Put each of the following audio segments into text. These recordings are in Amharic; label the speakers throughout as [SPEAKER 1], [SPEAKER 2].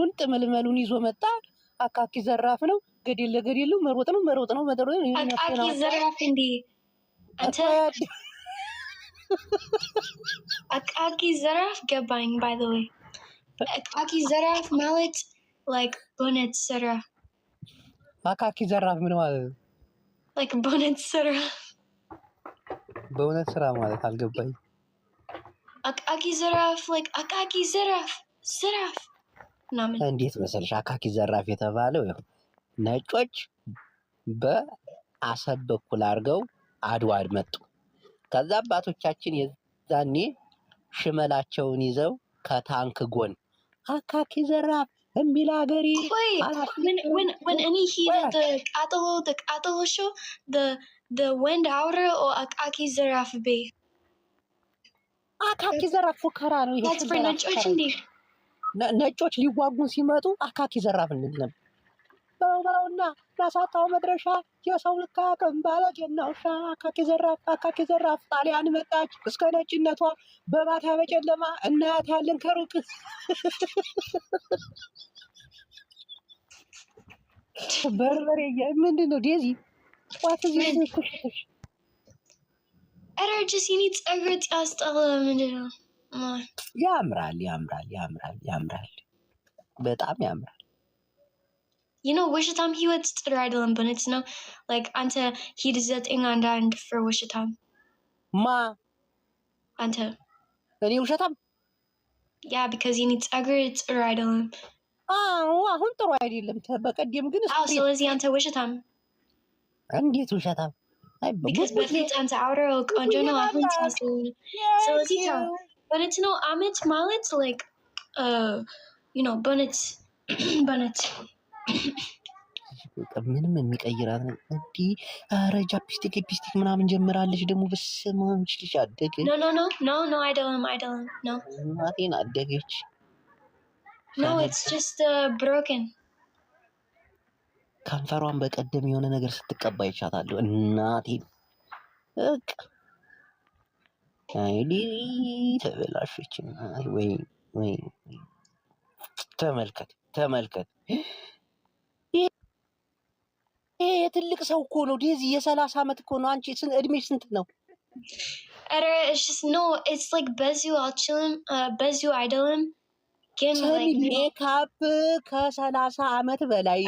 [SPEAKER 1] ጥምሉን ጥምልመሉን ይዞ መጣ። አካኪ ዘራፍ ነው። ገዴል ለገዴል መሮጥ ነው መሮጥ ነው መሮጥ
[SPEAKER 2] አካኪ ዘራፍ እንዴ! አንተ አቃቂ ዘራፍ ገባኝ። ባይ ዘ ወይ አቃቂ ዘራፍ ማለት ላይክ ቦነት ስራ።
[SPEAKER 1] አቃቂ ዘራፍ ምን ማለት ነው?
[SPEAKER 2] ላይክ ቦነት ስራ፣
[SPEAKER 1] በእውነት ስራ ማለት አልገባኝ።
[SPEAKER 2] አቃቂ ዘራፍ ላይክ አቃቂ ዘራፍ ዘራፍ
[SPEAKER 1] እንዴት መሰለሽ አካኪ ዘራፍ የተባለው ይኸው ነጮች በአሰብ በኩል አድርገው አድዋ መጡ። ከዛ አባቶቻችን የዛኔ ሽመላቸውን ይዘው ከታንክ ጎን አካኪ ዘራፍ የሚል ሀገሬ
[SPEAKER 2] ወንድ አውር አካኪ ዘራፍ ቤ
[SPEAKER 1] አካኪ ዘራፍ ፉከራ ነው።
[SPEAKER 2] ይሄ ነጮች እንዴ
[SPEAKER 1] ነጮች ሊዋጉን ሲመጡ አካኪ ዘራፍ እንል ነበር። በውበውና መድረሻ የሰው ልካ ቀንባለ ጀናውሻ አካኪ ዘራፍ አካኪ ዘራፍ ጣሊያን መጣች እስከ ነጭነቷ በማታ በጨለማ እናያት ያለን ከሩቅ በርበሬ ምንድን ነው ዴዚ ቋት ዚ
[SPEAKER 2] ረጅ ሲኒ ጸገጥ ያስጠላ ምንድን ነው?
[SPEAKER 1] ያምራል ያምራል ያምራል ያምራል በጣም ያምራል።
[SPEAKER 2] you know ውሽታም ህይወት ጥሩ አይደለም በነች ነው like አንተ ሂድ ዘጠኝ አንድ አንድ ውሽታም ማ አንተ እኔ ውሸታም ያ because የኔ ጸጉር ጥሩ አይደለም።
[SPEAKER 1] አሁን ጥሩ አይደለም። በቀደም
[SPEAKER 2] ግን ስለዚህ አንተ ውሸታም
[SPEAKER 1] እንዴት ውሸታም?
[SPEAKER 2] አይ በፊት አንተ አውራው ቆንጆ ነው አሁን ስለዚህ but it's no omelets, mullets, like, uh, you know, bonnets, bonnets.
[SPEAKER 1] ምንም የሚቀይራት ነው እንዲህ። ኧረ ጃፕስቲክ ፒስቲክ ምናምን ጀምራለች ደግሞ። በስመ አብ ልጅ አደገች።
[SPEAKER 2] ኖ ኖ ኖ ኖ ኖ አይደለም አይደለም። ኖ
[SPEAKER 1] እናቴን አደገች።
[SPEAKER 2] ኖ ኢትስ ጀስት ብሮከን
[SPEAKER 1] ከንፈሯን በቀደም የሆነ ነገር ስትቀባ ይቻታለሁ እናቴን በቃ ተበላሸች። ወይ ወይ! ተመልከት ተመልከት! ይሄ የትልቅ ሰው እኮ ነው ዴዚ፣ የሰላሳ አመት እኮ ነው። አንቺ እድሜሽ ስንት ነው?
[SPEAKER 2] ኧረ ኖ በዚሁ አልችልም፣ በዚሁ አይደለም
[SPEAKER 1] ሜካፕ ከሰላሳ አመት በላይ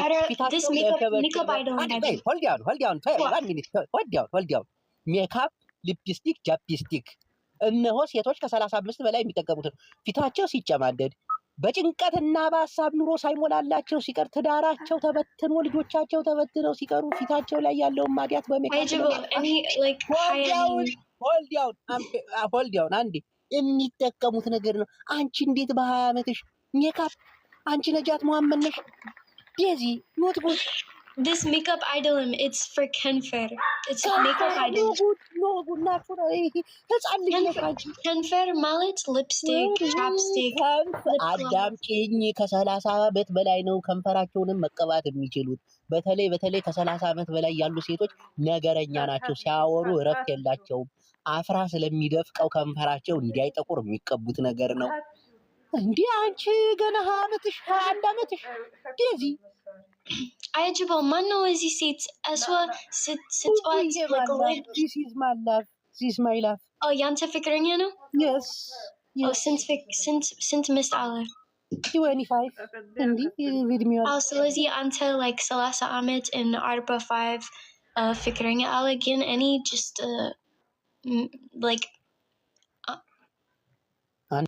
[SPEAKER 1] ሜካፕ፣ ሊፕስቲክ፣ ጃፕስቲክ እነሆ ሴቶች ከሰላሳ አምስት በላይ የሚጠቀሙት ነው። ፊታቸው ሲጨማደድ በጭንቀትና በሀሳብ ኑሮ ሳይሞላላቸው ሲቀር ትዳራቸው ተበትኖ ልጆቻቸው ተበትነው ሲቀሩ ፊታቸው ላይ ያለውን ማዲያት
[SPEAKER 2] በሜካሆልዲያውን
[SPEAKER 1] አንዴ የሚጠቀሙት ነገር ነው። አንቺ እንዴት በሀያ ዓመትሽ ሜካፕ አንቺ ነጃት መሐመድ ነሽ ዴዚ ኖትቡክ
[SPEAKER 2] This makeup አይደለም it's for Kenfer. it's ah, makeup አይደለም። ከንፈር ማለት ሊፕስቲክ፣ ቻፕስቲክ።
[SPEAKER 1] አዳምጪኝ። ከሰላሳ ዓመት በላይ ነው ከንፈራቸውንም መቀባት የሚችሉት። በተለይ በተለይ ከሰላሳ ዓመት በላይ ያሉ ሴቶች ነገረኛ ናቸው። ሲያወሩ እረፍት የላቸውም። አፍራ ስለሚደፍቀው ከንፈራቸው እንዳይጠቁር የሚቀቡት ነገር ነው። እንዲህ አንቺ ገና ዓመትሽ ሀያ አንድ ዓመትሽ እንደዚህ
[SPEAKER 2] يجب منه يزيد أسوأ ست سطوات
[SPEAKER 1] like This is my love. This is my love.
[SPEAKER 2] Oh, يعني تفكرين يعني؟ Yes. Yes. Oh, سنت فك سنت سنت مست على.
[SPEAKER 1] 25 عندي
[SPEAKER 2] فيديو أو سلوزي أنت like ثلاثة عامات إن أربعة five uh, فكرين على جن any just uh, like
[SPEAKER 1] أنا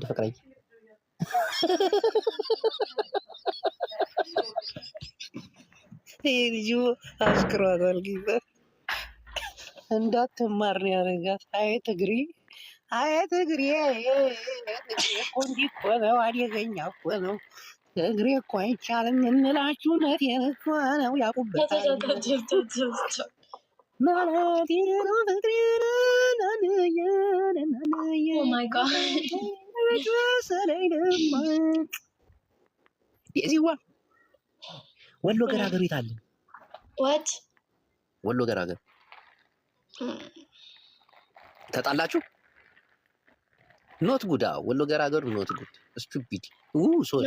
[SPEAKER 1] تفكري ልጁ አስክሯታል። ጊዜ እንዳትማር ነው ያደረጋት። አይ ትግሪ፣ አይ ትግሪ፣ እኮ እንዲህ ነው፣ አደገኛ እኮ ነው ትግሬ እኮ አይቻልም እንላችሁ። እውነቴን እኮ ነው ያውቁበታል ማለት ነው የዚዋ ወሎ ገራገር ቤት አለ። ወት ወሎ ገራገር ተጣላችሁ? ኖት ጉዳ ወሎ ገራገሩ ኖት ጉድ ስቱፒድ ሶሪ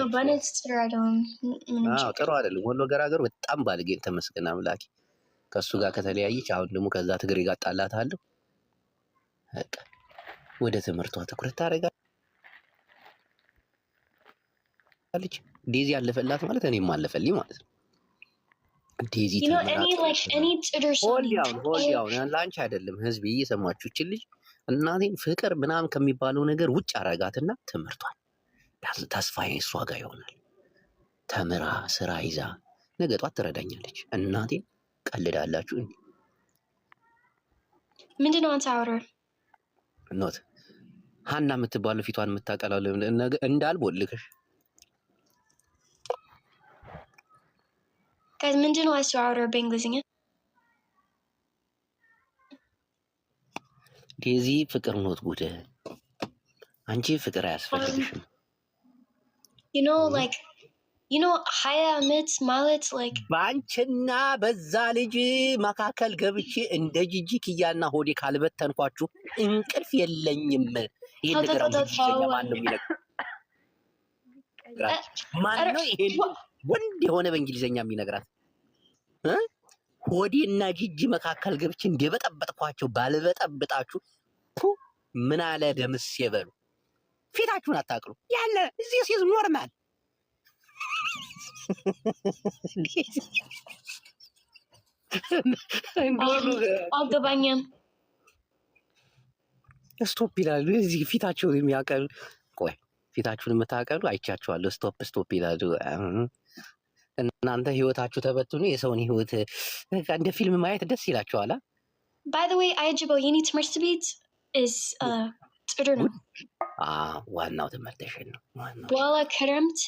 [SPEAKER 1] ጥሩ አይደለም። ወሎ ገራገሩ በጣም ባልጌ። ተመስገን አምላኬ ከእሱ ጋር ከተለያየች አሁን ደግሞ ከዛ ትግሬ ጋር ጣላታለሁ። ወደ ትምህርቷ ትኩረት ታደርጋለች። ዴዚ ያለፈላት ማለት እኔም አለፈልኝ ማለት ነው። ዴዚ ሆልያውን ለአንቺ አይደለም ህዝብ እየሰማችሁ ይችን ልጅ እናቴን ፍቅር ምናምን ከሚባለው ነገር ውጭ አረጋትና ትምህርቷል ተስፋ እሷ ጋር ይሆናል። ተምራ ስራ ይዛ ነገ ጧት ትረዳኛለች። እናቴን ቀልዳላችሁ። ምንድን ነው አንተ ኖት ሀና የምትባለው ፊቷን የምታቀላለ እንዳልቦልክሽ
[SPEAKER 2] Guys ምንድን ነው አስተዋወረው በእንግሊዝኛ?
[SPEAKER 1] ዴዚ ፍቅር ኖት ጉድ። አንቺ ፍቅር አያስፈልግሽም።
[SPEAKER 2] you know like you know ሀያ አመት ማለት like
[SPEAKER 1] በአንቺና በዛ ልጅ መካከል ገብቼ እንደ ጅጂ ኪያና ሆዴ ካልበተንኳችሁ እንቅልፍ የለኝም። ይሄን ነገር ማነው ይሄን uh, ወንድ የሆነ በእንግሊዝኛ የሚነግራት ሆዴና ጅጅ መካከል ገብቼ እንደበጠበጥኳቸው ባልበጠብጣችሁ ፑ ምን አለ ደምስ የበሉ ፊታችሁን አታቅሉ ያለ እዚህ ሴዝ ኖርማል
[SPEAKER 2] አገባኛም
[SPEAKER 1] ስቶፕ ይላሉ። እዚህ ፊታቸውን የሚያቀል ፊታችሁን የምታቀሉ አይቻችኋለሁ። ስቶፕ ስቶፕ ይላሉ። እናንተ ህይወታችሁ ተበትኑ፣ የሰውን ህይወት እንደ ፊልም ማየት ደስ ይላችኋላ።
[SPEAKER 2] ባይ ዘ አይጅበው የኔ ትምህርት ቤት uh, ጥሩ ነው።
[SPEAKER 1] ዋናው ትምህርትሽን ነው።
[SPEAKER 2] በኋላ ክረምት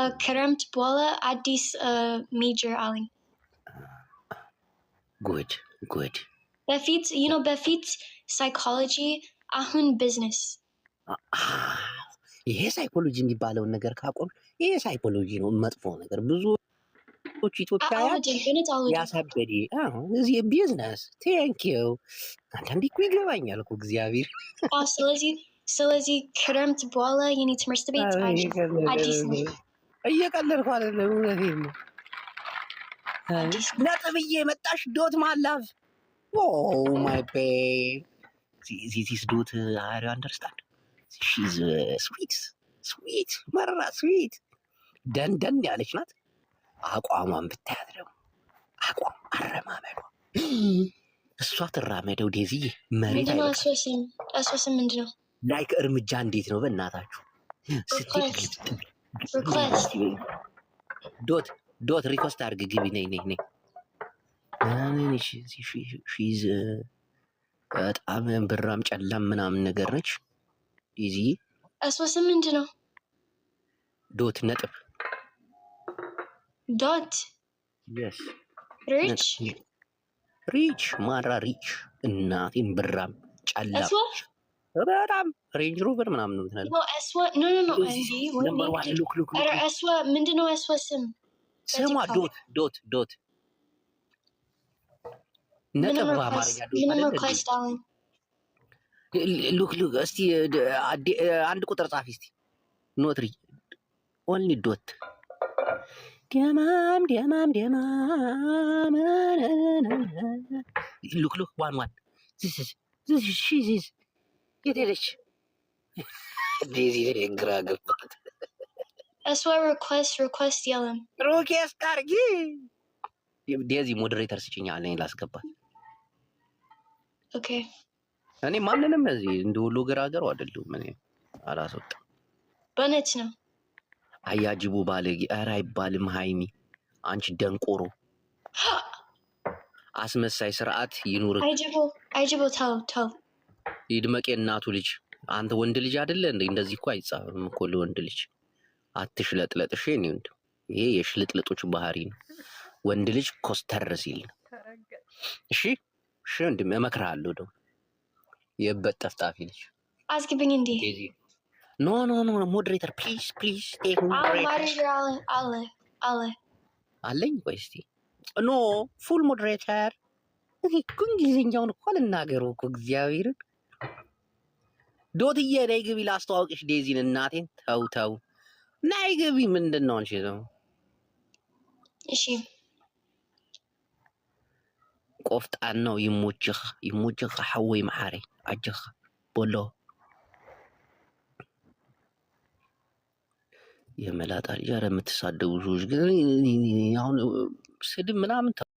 [SPEAKER 2] uh, ክረምት በኋላ አዲስ ሜጀር uh, አለኝ።
[SPEAKER 1] ጉድ ጉድ።
[SPEAKER 2] በፊት ዩ ኖ በፊት ሳይኮሎጂ፣ አሁን ቢዝነስ
[SPEAKER 1] ይሄ ሳይኮሎጂ የሚባለውን ነገር ካቆም ይሄ ሳይኮሎጂ ነው መጥፎ ነገር ብዙ ሰዎች
[SPEAKER 2] ኢትዮጵያውያን
[SPEAKER 1] ያሳበዴ እዚህ ቢዝነስ ቴንኪው አንዳንዴ እኮ ይገባኛል እኮ እግዚአብሔር።
[SPEAKER 2] ስለዚህ ስለዚህ ክረምት በኋላ የኔ ትምህርት ቤት
[SPEAKER 1] እየቀለድኩ አይደለም፣ እውነቴን ነው። ነጥብዬ የመጣሽ ዶት ማላፍ ኦ ማይ ቤ ዚስ ዶት አሪ አንደርስታንድ ሺዝ ስዊት ስዊት መራ ስዊት ደንደን ያለች ናት። አቋሟን ብታያት ደግሞ አቋም አረማመዷ እሷ ትራመደው ዴዚ
[SPEAKER 2] መሬት አሶስም ምንድ ነው
[SPEAKER 1] ላይክ እርምጃ እንዴት ነው በእናታችሁ ዶት ዶት ሪኮስት አድርግ ግቢ ነይ ነይ ነይ በጣም ብራም ጨላም ምናምን ነገር ነች። ኢዚ
[SPEAKER 2] አስራ ስምንት ነው። ዶት ነጥብ ዶት ሪች
[SPEAKER 1] ሪች ማራ ሪች እናቴን ብራም ጨላ በጣም ሬንጅ ሮቨር ምናምን ነው ምትላለ።
[SPEAKER 2] ምንድን ነው አስዋ ስም
[SPEAKER 1] ስሟ ዶት ዶት ዶት
[SPEAKER 2] ነጥብ በአማርኛ ዶት
[SPEAKER 1] ሉክ ሉክ እስቲ አንድ ቁጥር ጻፊ እስቲ ኖትሪ ኦንሊ ዶት ደማም ደማም ደማም ሉክ ሉክ ዋን ዋን ዚስ የት ሄደች? ዴዚ ግራ ገባት።
[SPEAKER 2] ሪኩዌስት ሪኩዌስት
[SPEAKER 1] ዴዚ ሞዴሬተር ስጭኛ አለኝ ላስገባት ኦኬ እኔ ማንንም እዚህ እንደ ሁሉ ግር ሀገሩ አይደለሁም። እኔ አላስወጣም። በነች ነው። አያጅቡ ባለጌ። ኧረ አይባልም። ሀይሚ አንቺ ደንቆሮ አስመሳይ ስርዓት ይኑር።
[SPEAKER 2] አይጅቡ አይጅቡ፣ ተው ተው።
[SPEAKER 1] ይድመቅ እናቱ ልጅ። አንተ ወንድ ልጅ አይደለ እንዴ? እንደዚህ እኮ አይጻፍም እኮ ለወንድ ልጅ። አትሽለጥለጥ። እሺ፣ እኔ እንዴ ይሄ የሽልጥልጦች ባህሪ ነው። ወንድ ልጅ ኮስተር ሲል እሺ፣ እሺ፣ እንዴ እመክርሃለሁ ደግሞ የበት ጠፍጣፊ ነች። አስግብኝ እንዴ! ኖ ኖ ኖ ሞዴሬተር ፕሊዝ ፕሊዝ። አለ አለኝ። ቆይ እስኪ ኖ ፉል ሞዴሬተር እኮ እንግሊዝኛውን እኮ ልናገሩ እኮ እግዚአብሔርን ዶትዬ ነይ ግቢ ላስተዋውቅሽ ዴዚን እናቴን። ተው ተው ነይ ግቢ። ምንድን ነው አንቺ ነው? እሺ ቆፍጣን ነው። ይሙችህ ይሙችህ ሐወይ መሐሪ ajak የመላጣ ልጅ። ኧረ የምትሳደቡ ሰዎች ግን አሁን ስድብ ምናምን